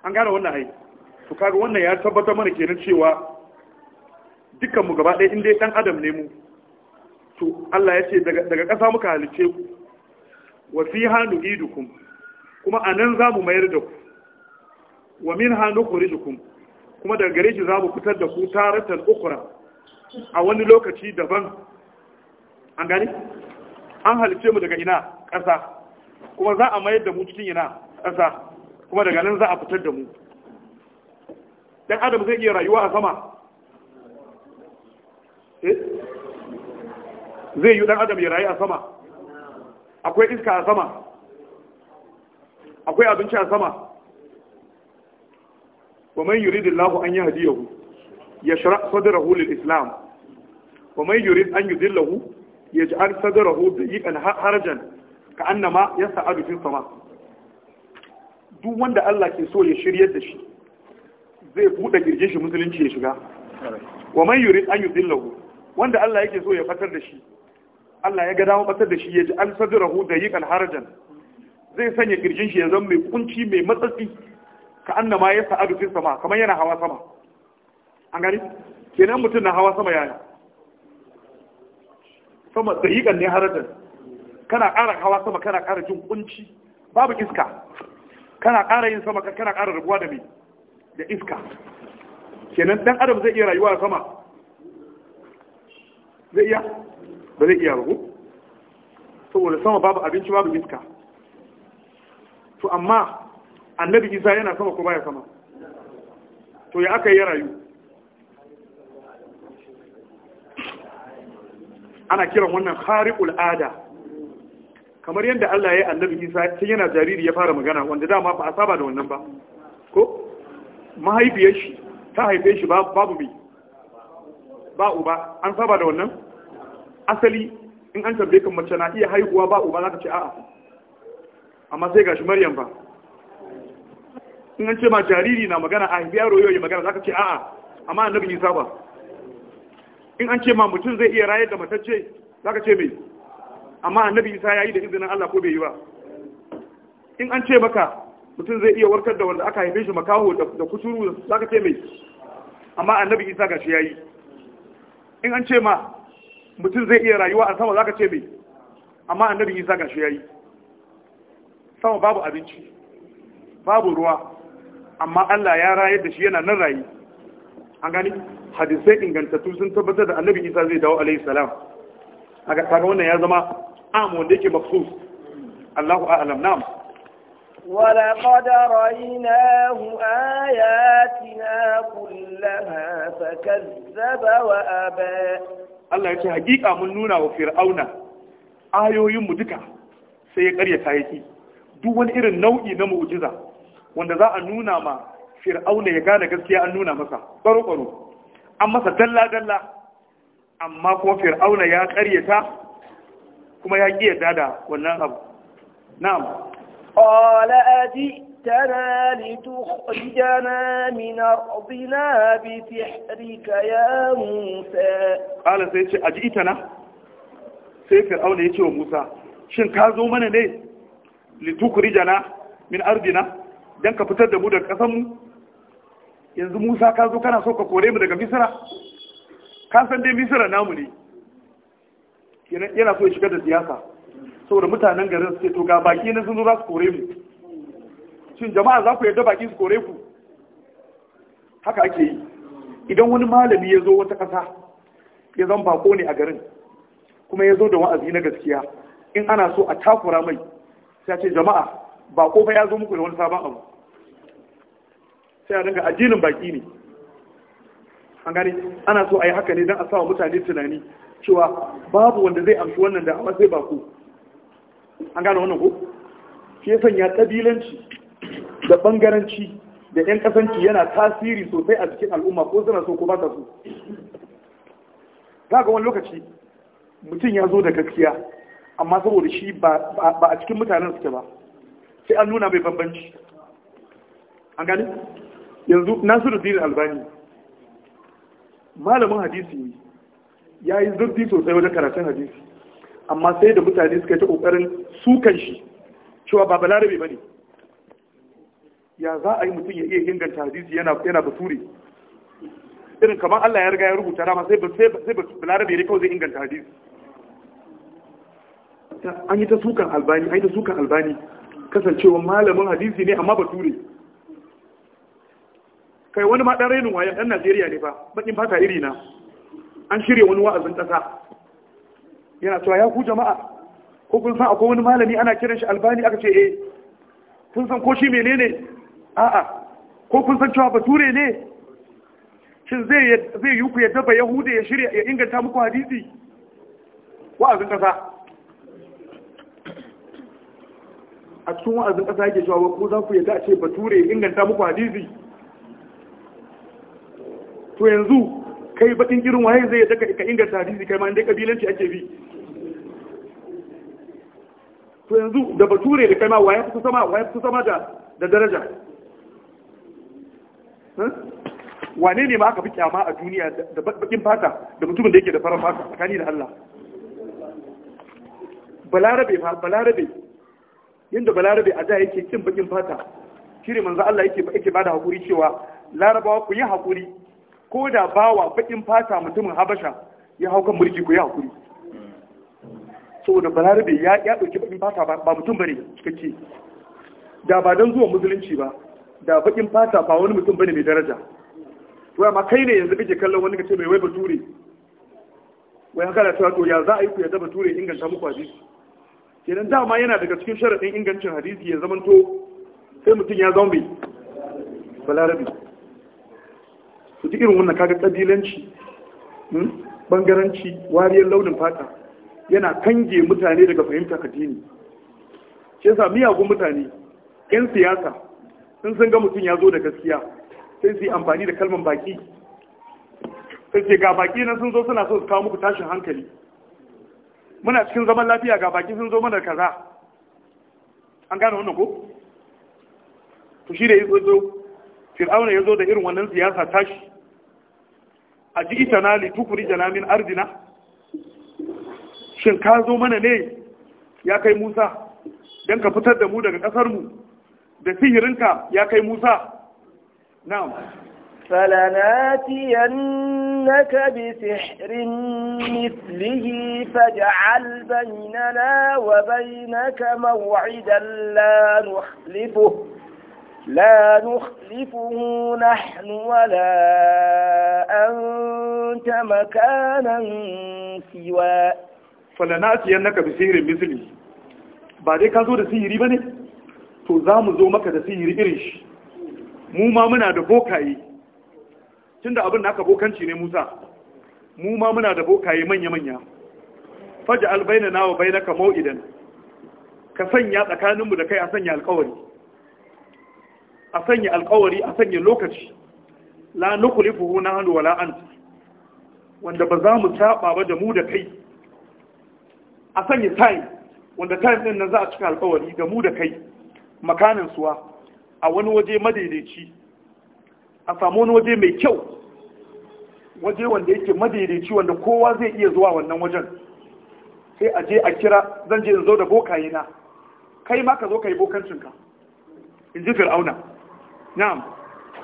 an gane wannan ai to kaga wannan ya tabbatar mana kenan cewa dukkan mu gaba ɗaya inda dai dan adam ne mu to Allah ya ce daga ƙasa muka halice ku wa fi hannu idukum kuma anan zamu mayar da ku wa min hannu kuma daga gare shi za mu fitar da ku taratan ukura a wani lokaci daban an gani an halice mu daga ina ƙasa kuma za a mayar da mu cikin ina ƙasa kuma daga nan za a fitar da mu dan adam zai iya rayuwa a sama eh? zai yi dan adam ya rayu a sama akwai iska a sama akwai abinci a sama wa man yurid Allah an yahdiyahu yashra sadrahu lil islam wa man yurid an yudillahu yaj'al sadrahu dayiqan harajan ka annama yas'adu fi sama duk wanda Allah ke so ya shiryar da shi zai buɗe girgin shi musulunci ya shiga wa man yurid an wanda Allah yake so ya fatar da shi Allah ya ga dawo fatar da shi ya ji an harajan zai sanya kirjin shi yanzu mai mai matsatsi ka ma ya sa'adu fi sama kamar yana hawa sama an gani kenan mutum na hawa sama yaya sama dahiƙan ne harajar kana ƙara hawa sama kana ƙara jin kunci babu iska kana ƙara yin sama kana ƙara rabuwa da mai da iska kenan dan adam zai iya rayuwa da sama zai iya ba zai iya rabu saboda sama babu abinci babu iska to amma annabi isa yana sama ko baya sama to ya aka yi rayu ana kiran wannan khariqul ada kamar yadda Allah ya yi annabi isa tun yana jariri ya fara magana wanda dama ba a saba da wannan ba ko mahaifiyar shi ta haife shi babu mai ba uba an saba da wannan asali in an tambaye kan mace na iya haihuwa ba uba za ka ce a'a amma sai gashi maryam ba in an ce ma jariri na magana a haifi yaro yau magana zaka ce a'a amma annabi Isa ba in an ce ma mutum zai iya rayar da matacce zaka ce me amma annabi Isa yayi da izinin Allah ko bai yi ba in an ce maka mutum zai iya warkar da wanda aka haife shi makaho da kuturu zaka ce me amma annabi Isa gashi yayi in an ce ma mutum zai iya rayuwa a sama zaka ce me amma annabi Isa gashi yayi sama babu abinci babu ruwa amma Allah ya rayar da shi yana nan rayi an gani hadisai ingantattu sun tabbatar da annabi isa zai dawo alaihi salam ga kaga wannan ya zama amu wanda yake maksus Allahu a'lam na'am ولقد رأيناه آياتنا كلها فكذب وأبى الله يقول حقيقة من نونا وفرعون آيو يمدك سيقر Duk دون irin nau'i نمو أجزا wanda za a nuna ma fir'auna ya gane gaskiya an nuna masa ƙwaro-ƙwaro an masa dalla-dalla amma kuma fir'auna ya ƙaryata kuma ya ƙiyar dada wannan na'am ƙwala aji tana litu ƙwajana mina ƙwazina bi fi harika musa ƙwala sai ce aji itana sai fir'auna ya ce wa musa shin ka zo mana ne litu ƙwajana min ardina don ka fitar da mu daga ƙasanmu yanzu musa ka zo kana so ka kore mu daga misira ka san dai misira namu ne yana so ya shiga da siyasa saboda mutanen garin su ce to ga baki na sun za su kore mu shin jama'a za ku yarda baki su kore ku haka ake yi idan wani malami ya zo wata ƙasa ya zan bako ne a garin kuma ya zo da wa'azi na gaskiya in ana so a takura mai sai ce jama'a ba ko ya zo muku da wani sabon abu sai a dinga addinin baki ne an gani. ana so a yi haka ne don a sa mutane tunani cewa babu wanda zai amshi wannan da amma sai baku an gane wannan ko shi sanya da bangaranci da yan kasanci yana tasiri sosai a cikin al'umma ko suna so ko ba ta so za ga wani lokaci mutum ya zo da gaskiya amma saboda shi ba a cikin mutanen suke ba sai an nuna mai bambanci an gani yanzu nasiru dinin albani malamin hadisi ne ya yi zurfi sosai wajen karatun hadisi amma sai da mutane suka yi ta ƙoƙarin sukan shi cewa ba balarabe ba ne ya za a yi mutum ya iya inganta hadisi yana yana basure irin kamar Allah ya riga ya rubuta rama sai sai balarabe ne kawai zai inganta hadisi an yi ta sukan albani an yi ta sukan albani kasancewa malamin hadisi ne amma bature kai wani ma dan rainin wayan dan Najeriya ne ba, bakin fata iri na an shirya wani wa'azin kasa yana cewa ya ku jama'a ko kun san akwai wani malami ana kiran shi Albani aka ce eh kun san ko shi menene a'a ko kun san cewa bature ne shin zai zai yi ku yadda ba ya shirya ya inganta muku hadisi wa'azin kasa a cikin wa'azin ƙasa yake cewa ko za ku yadda a ce bature inganta muku hadisi to yanzu kai bakin irin waye zai yadda ka inganta hadisi kai ma inda kabilanci ake bi to yanzu da bature da kai ma waye kusa sama waye fi sama da da daraja wane ne ma aka fi kyama a duniya da bakin fata da mutumin da yake da farar fata tsakani da Allah balarabe balarabe inda balarabe a da yake cin bakin fata shine manzo Allah yake yake bada hakuri cewa larabawa ku yi hakuri ko da bawa bakin fata mutumin habasha ya hau kan mulki ku yi hakuri saboda balarabe ya ya dauki bakin fata ba mutum bane cikakke da ba don zuwa musulunci ba da bakin fata ba wani mutum bane mai daraja to amma kai ne yanzu kake kallon wani kace mai wai bature wai haka da ta ya za a yi ku ya zaba ture inganta muku hadisi kenan dama yana daga cikin sharaɗin ingancin hadisi ya zamanto sai mutum ya zama balarabi su ji irin wannan kaga ƙabilanci bangaranci hmm, wariyar launin fata yana kange mutane daga fahimtar addini shi yasa miyagun mutane 'yan siyasa sun san ga mutum ya zo da gaskiya sai su yi amfani da kalman baki sai ce ga baki na sun zo suna so su kawo muku tashin hankali muna cikin zaman lafiya ga baki sun zo mana kaza an gane wannan ko to shi da yazo zo fir'auna yazo da irin wannan siyasa tashi a ji ita na li tukuri janamin ardina shin ka zo mana ne ya kai musa don ka fitar da mu daga kasar mu? da sihirinka ya kai musa na'am فلناتينك بسحر مثله فاجعل بيننا وبينك موعدا لا نخلفه لا نخلفه نحن ولا أنت مكانا سوى فلناتينك بسحر مثله بعد كان زود سحري بني تو زامو زو مكة سحري إرش mu ma muna da bokaye da abin naka bokanci ne Musa mu ma muna da bokaye manya-manya faja albaina na wa bainaka mau'idan ka sanya tsakaninmu da kai a sanya alkawari a sanya alkawari a sanya lokaci la na hannu wala ant wanda ba za mu saba ba da mu da kai a sanya time wanda time din nan za a cika alkawari da mu da kai makanin suwa a wani waje madaidaici a samu wani waje mai kyau waje wanda yake madaidaici wanda kowa zai iya zuwa wannan wajen sai a je a kira zan je in zo da bokayena. kai ma ka zo ka yi bokancinka in ji fir'auna na'am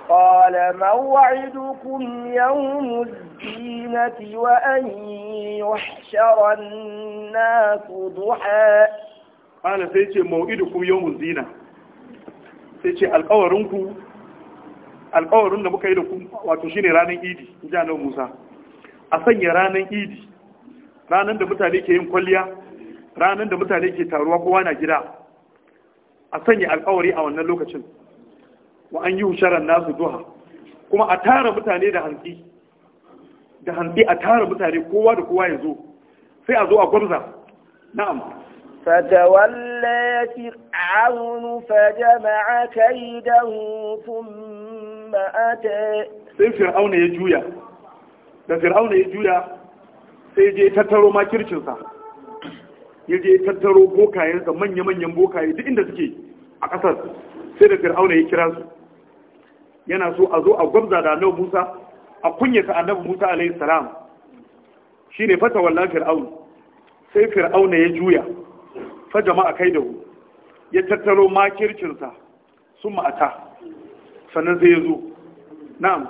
قال موعدكم يوم الزينة وأن يحشر sai ce قال kun موعدكم يوم الزينة سيتي القورنكم alƙawarin da muka yi da ku wato shine ranar idi in ji musa a sanya ranar idi ranar da mutane ke yin kwalliya ranar da mutane ke taruwa kowa na gida a sanya alƙawari a wannan lokacin wa an yi husharar nasu duha kuma a tara mutane da hantsi da hantsi a tara mutane kowa da kowa ya zo sai a zo a gwamza na'am فتولى فرعون فجمع كيده ثم sai fir'auna ya juya da fir'auna ya juya sai je tattaro makircinsa ya je tattaro bokayensa manya-manyan bokaye duk inda suke a ƙasar sai da fir'auna ya kira su yana so a zo a gwabza da annabi musa a kunyata annabi musa alayhi salam shi ne fata wallan Fir'auna. sai fir'auna ya juya fa jama'a kai da hu, ya tattaro makircinsa sun ma'ata فنزيزو نعم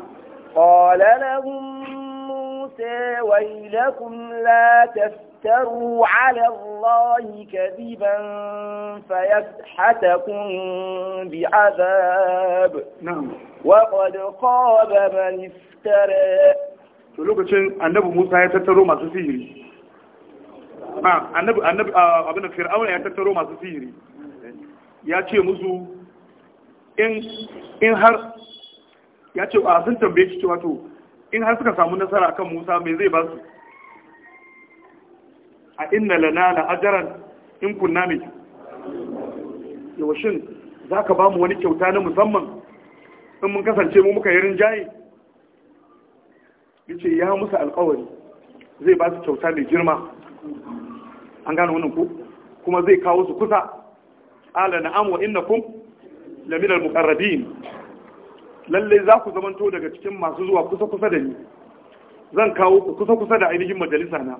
قال لهم موسى ويلكم لا تفتروا على الله كذبا فيسحتكم بعذاب نعم وقد قاب من افترى لوكاشين النبي موسى يتترو masu sihiri ah annabi annabi ah, abin da fir'auna ya tattaro masu sihiri ya in har ya ce a ah, sun tambaye shi cewa to in har suka samu nasara kan Musa mai zai ba su a inna lana na ajaran in kunna mai yawashin za ka ba mu wani kyauta na musamman in mun kasance mu muka yi rinjaye ce ya musu alƙawari zai ba su kyauta mai girma an gane wannan ku. kuma zai kawo su kusa ala amwa, wa kuma laminal mukarrabin lalle za ku zamanto daga cikin masu zuwa kusa kusa da ni zan kawo ku kusa kusa da ainihin majalisa na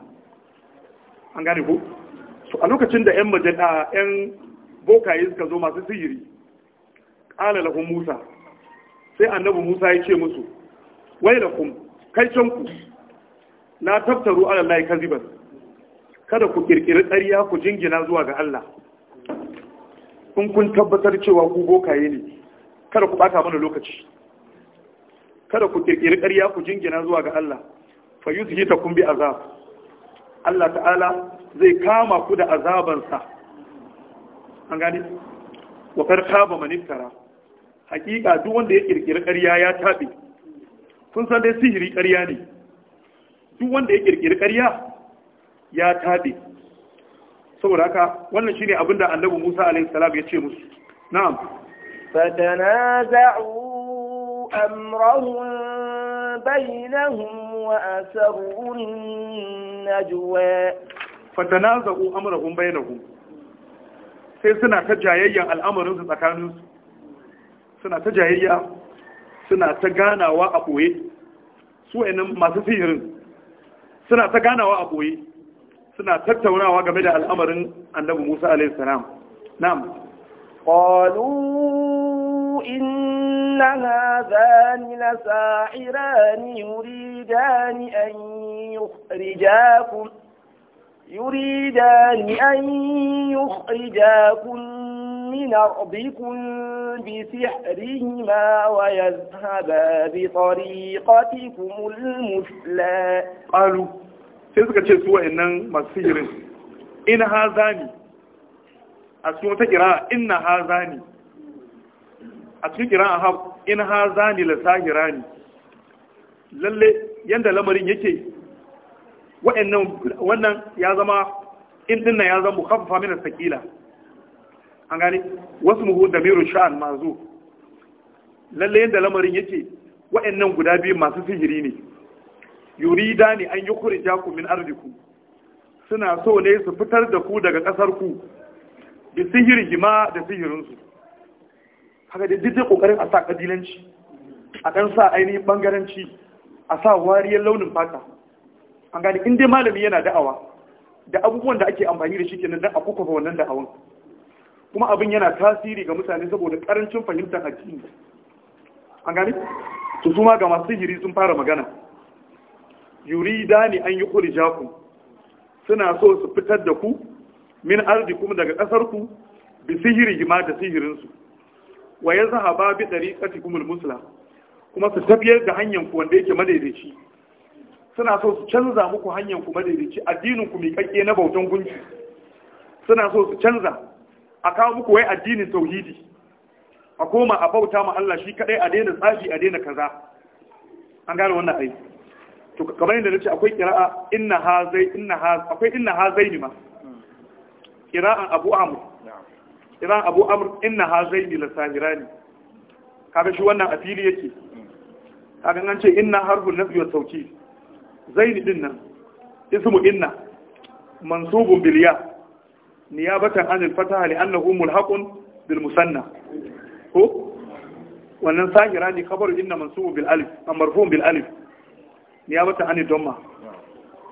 an gane ku to a lokacin da yan majalisa yan bokaye suka zo masu sihiri qala lahu musa sai annabi musa ya ce musu wailakum kai can ku na tabtaru ala kaziban kada ku kirkiri ƙarya ku jingina zuwa ga Allah in kun tabbatar cewa ku bokaye ne kada ku bata mana lokaci kada ku kirkiri ƙarya ku jingina zuwa ga Allah fa ta kun bi azab Allah ta'ala zai kama ku da azabansa an gani wa farka ba maniftara hakika duk wanda ya kirkiri ƙarya ya tabe kun san dai sihiri ƙarya ne duk wanda ya kirkiri ƙarya ya tabe saboda haka wannan shine abin da annabi Musa alayhi salam ya ce musu na'am fatanaza'u amrahum bainahum wa asarru najwa fatanaza'u amrahum bainahum sai suna ta jayayyan al'amarin su tsakanin su suna ta jayayya suna ta ganawa a boye su wayannan masu sihirin suna ta ganawa a boye suna tattaunawa game da al'amarin annabi Musa alayhi salam na'am qalu inna hadhan la sa'iran yuridan an yukhrijakum يريدان أن يخرجاكم من أرضكم بسحرهما ويذهبا بطريقتكم المثلى قالوا sai suka ce su wa'annan masu sihirin in hazani a cikin wata kira in na hazani a cikin kira a haf in hazani la ne. lalle yadda lamarin yake wannan ya zama in dinna ya zama mukhaffafa min sakila an gane wasu muhu da miru sha'an mazu lalle yadda lamarin yake wa'annan guda biyu masu sihiri ne yurida ne an yi kurja ku min arziku suna so ne su fitar da ku daga ƙasar ku Bi sihiri hima da sihirinsu haka da duk kokarin a sa kabilanci a ɗan sa ainihin bangaranci a sa wariyar launin fata an gani in dai malami yana da'awa da abubuwan da ake amfani da shi kenan don a kuka wannan da'awan kuma abin yana tasiri ga mutane saboda karancin fahimtar addini an gani su ma ga masu sihiri sun fara magana da ne an yi kurijakum suna so su fitar da ku min ardi kuma daga ƙasarku bi sihiri ma da sihirinsu wa ya zahaba bi ɗariƙatikum musla kuma su tafiyar da hanyar ku wanda yake madaidaici suna so su canza muku hanyar ku madaidaici addinin ku miƙaƙƙe na bautan gunki suna so su canza a kawo muku wai addinin tauhidi a koma a bauta ma Allah shi kaɗai a daina tsafi a daina kaza an gane wannan aiki to kamar yadda nace akwai qira'a inna hazai inna haz akwai inna hazaini ma qira'an abu amr qira'an abu amr inna hazaini la sahirani kaga shi wannan afili yake kaga an ce inna harfun nafi wa tawkid zaini din nan ismu inna mansubun bil ya niyabatan anil fataha li annahu mulhaqun bil musanna ko wannan sahira ne kabaru inna mansubun bil alif marfu'un bil alif ne ya bata hannun don ma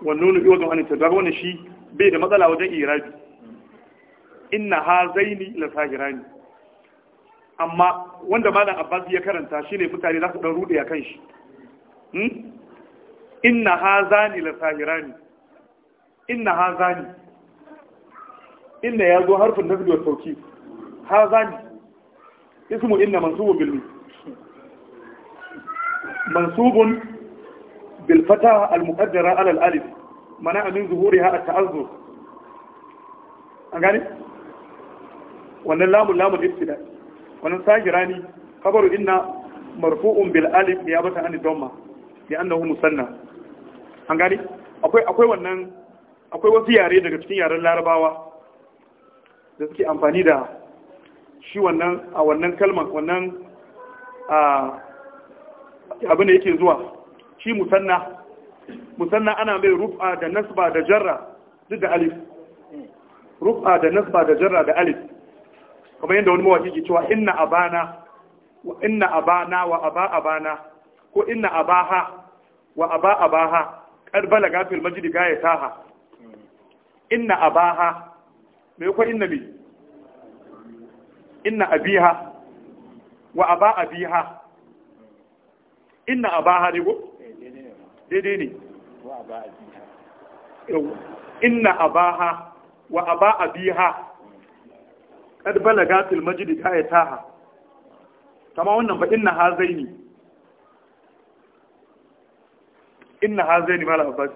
wannan nufi wajen hannun tattara wani shi bai da matsala wajen irabi inna ha ni la ne amma wanda malam abbas ya karanta shi ne mutane za su dan rude a kan shi hmm? inna ha zani la ne inna ha zani inna ya zo harfin na wa sauki ha zani ismu inna mansubun bilmi mansubun bil fata al muqaddara alif mana min zuhuriha at ta'azzur an gane wannan lamun lamun ibtida wannan sagirani kabaru inna marfu'un bil alif ya bata an dhamma ya annahu musanna an gane akwai wasu yare daga cikin yaren larabawa da suke amfani da shi wannan a wannan kalmar wannan abin da yake zuwa shi musanna musanna ana mai rufa da nasba da jarra duk da alif rufa da nasba da jarra da alif kamar yadda wani mawaki ke cewa inna abana wa inna abana wa aba abana ko inna abaha wa aba abaha kar balaga fil majdi gaya taha inna abaha me ko inna bi inna abiha wa aba abiha inna abaha ne ko daidai ne inna abaha wa aba abiha kad balagatil majdi taha. kama wannan ba inna hazaini inna hazaini mala abbas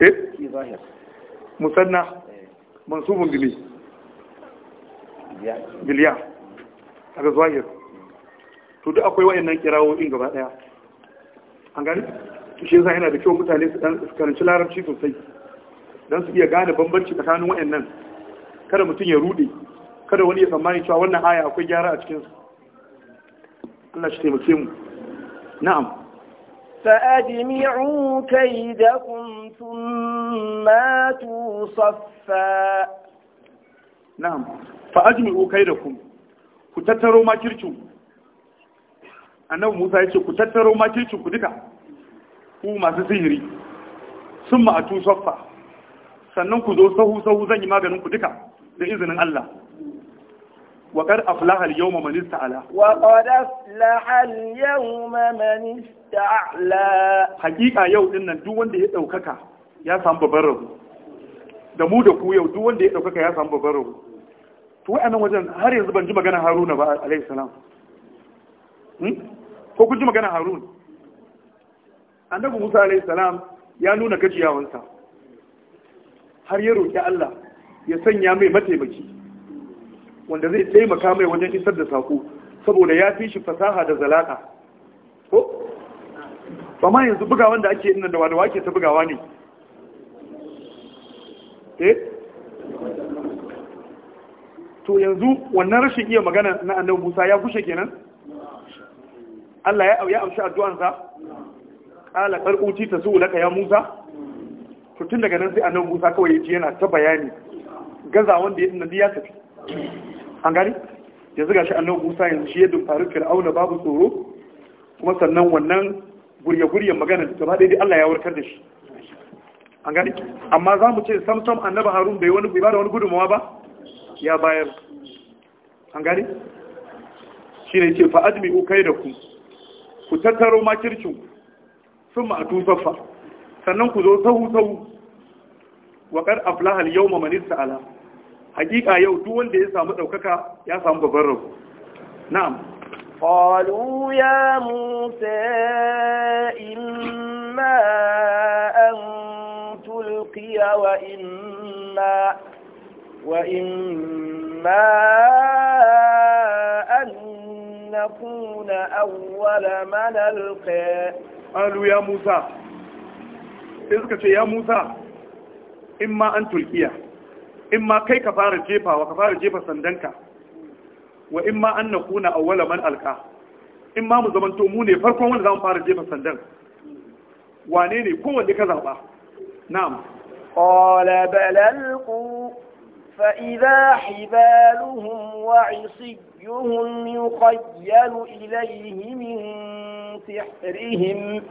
eh? musanna mansubun bili biliya daga zahir to duk akwai wayannan kirawo in gaba daya an gani shi yasa yana da kyau mutane su dan karanci larabci sosai dan su iya gane bambanci tsakanin wayannan kada mutum ya rude kada wani ya tsammani cewa wannan aya akwai gyara a cikin su Allah shi taimake mu na'am فأجمعوا كيدكم ثم آتوا صفا نعم فأجمعوا كيدكم tattaro ما كرتم annabi Musa ya ce ku tattaro makircin ku duka ku masu sihiri sun ma'atu saffa sannan ku zo sahu sahu zan yi maganin ku duka da izinin Allah وقد أفلح اليوم من yawma man ista'ala hakika yau din nan duk wanda ya daukaka ya samu سام ببره da mu da ku yau duk wanda ya daukaka ya samu babbar rabu to wa'annan wajen har yanzu ban ji magana haruna ba alaihi salam hmm? ko kun ji magana harun annabi musa alayhi salam ya nuna gajiyawansa har ya roƙi allah ya sanya mai mataimaki wanda zai taimaka mai wajen isar da sako saboda ya fi shi fasaha da zalaka ko amma yanzu bugawan da ake inda da wadawa ta bugawa ne eh to yanzu wannan rashin iya magana na annabi musa ya gushe kenan Allah ya ya amshi addu'ansa qala qarquti laka ya Musa to tun daga nan sai annabi Musa kawai yaji yana ta bayani gaza wanda ya dinna ya tafi an gani yanzu gashi annabi Musa yanzu shi ya faru Fir'auna babu tsoro kuma sannan wannan gurye-guryen magana da gaba dai Allah ya warkar da shi an gani amma za mu ce samsam annabi harun bai wani ba wani gudunmawa ba ya bayar an gani shi ne ce fa'admi ukai da ku ku tattaro makircin sun a tusaffa sannan ku zo sahu-sahu waƙar aflahal yau mamanista ala hakika yau duk wanda ya samu ɗaukaka ya samu babban rabu na'am musa يا An tulkiya wa تلقي أكون أول من ألقى قالوا يا موسى إذكت يا موسى إما أن تلقيا إما كي كفار الجيفة وكفار الجيفة سندنك وإما أن نكون أول من ألقى إما مزمن تؤموني فرقوا من ذا فار الجيفة سندنك وانيني كون لك ذا نعم قال بل ألقوا فإذا حبالهم وعصيهم يخيل إليه من سحرهم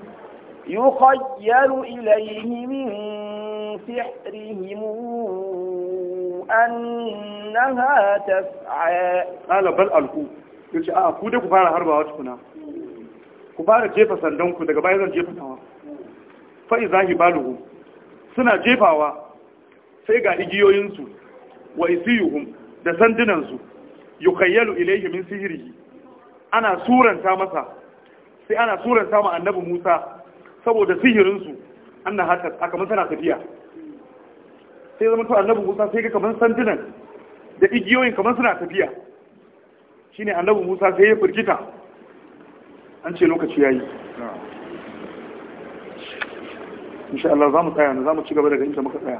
يخيل إليه من سحرهم أنها تسعى قال بل ألقوا yace a ku dai ku fara harbawa tukuna ku fara jefa sandanku daga baya zan jefa tawa fa izahi baluhu suna jefawa sai ga igiyoyinsu wa isiyuhum da sandunansu yukayyalu ilayhi min sihiri ana suranta masa sai ana suranta ma annabi Musa saboda sihirinsu anna haka aka kamar tana tafiya sai zama to annabi Musa sai ga kamar sandunan da igiyoyin kaman suna tafiya shine annabi Musa sai ya firgita an ce lokaci yayi insha Allah za mu tsaya ne za mu ci gaba daga inda muka tsaya